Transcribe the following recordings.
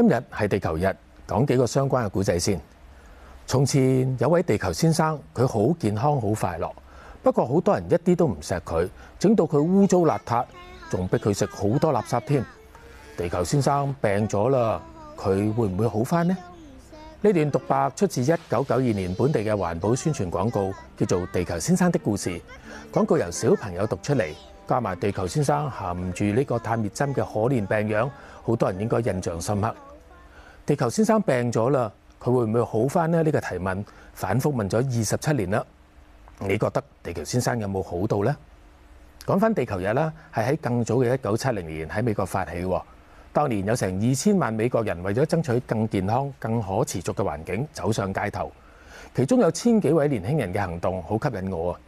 今日係地球日，講幾個相關嘅古仔先。從前有位地球先生，佢好健康、好快樂，不過好多人一啲都唔錫佢，整到佢污糟邋遢，仲逼佢食好多垃圾添。地球先生病咗啦，佢會唔會好返呢？呢段獨白出自一九九二年本地嘅環保宣傳廣告，叫做《地球先生的故事》。廣告由小朋友讀出嚟，加埋地球先生含住呢個探熱針嘅可憐病樣，好多人應該印象深刻。地球先生病咗啦，佢會唔會好返呢？呢個提問反覆問咗二十七年啦。你覺得地球先生有冇好到呢？講返地球日啦，係喺更早嘅一九七零年喺美國發起。當年有成二千萬美國人為咗爭取更健康、更可持續嘅環境走上街頭，其中有千幾位年輕人嘅行動好吸引我啊！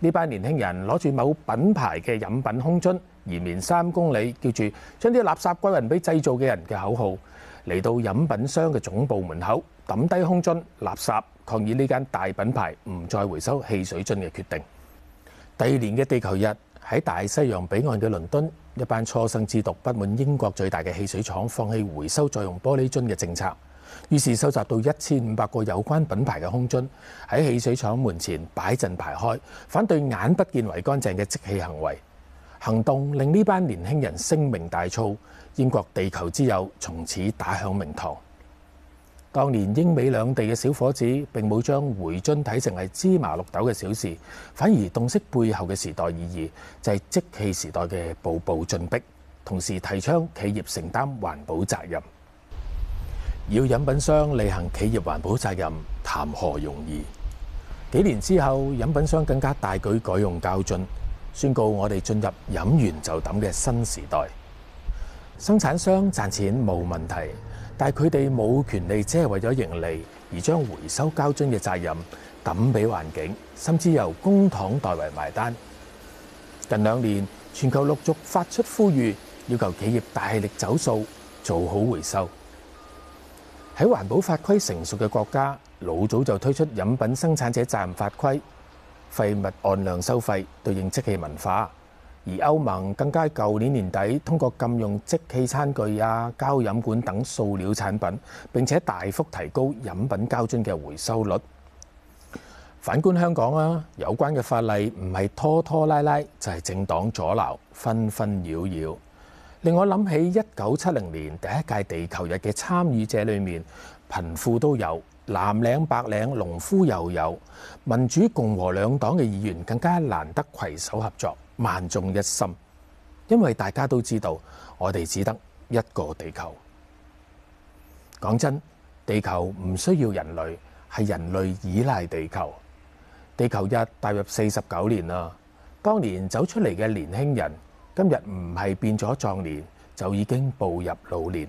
呢班年輕人攞住某品牌嘅飲品空樽，延綿三公里，叫住將啲垃圾歸還俾製造嘅人嘅口號。嚟到飲品商嘅總部門口抌低空樽垃圾，抗議呢間大品牌唔再回收汽水樽嘅決定。第二年嘅地球日喺大西洋彼岸嘅倫敦，一班初生之犢不滿英國最大嘅汽水廠放棄回收再用玻璃樽嘅政策，於是收集到一千五百個有關品牌嘅空樽，喺汽水廠門前擺陣排開，反對眼不見為乾淨嘅積氣行為。行動令呢班年輕人聲名大噪，英國地球之友從此打響名堂。當年英美兩地嘅小伙子並冇將回樽睇成係芝麻綠豆嘅小事，反而洞悉背後嘅時代意義，就係即棄時代嘅步步進逼。同時提倡企業承擔環保責任，要飲品商履行企業環保責任，談何容易？幾年之後，飲品商更加大舉改用膠樽。宣告我哋進入飲完就抌嘅新時代。生產商賺錢冇問題，但係佢哋冇權利，只係為咗盈利而將回收膠樽嘅責任抌俾環境，甚至由公帑代為埋單。近兩年，全球陸續發出呼籲，要求企業大力走數，做好回收。喺環保法規成熟嘅國家，老早就推出飲品生產者責任法規。廢物按量收費，對應即棄文化；而歐盟更加舊年年底通過禁用即棄餐具啊、膠飲管等塑料產品，並且大幅提高飲品膠樽嘅回收率。反觀香港啦，有關嘅法例唔係拖拖拉拉，就係政黨阻撓、紛紛擾擾，令我諗起一九七零年第一屆地球日嘅參與者裡面，貧富都有。藍領白領農夫又有，民主共和兩黨嘅議員更加難得攜手合作，萬眾一心。因為大家都知道，我哋只得一個地球。講真，地球唔需要人類，係人類依賴地球。地球日踏入四十九年啦，當年走出嚟嘅年輕人，今日唔係變咗壯年，就已經步入老年。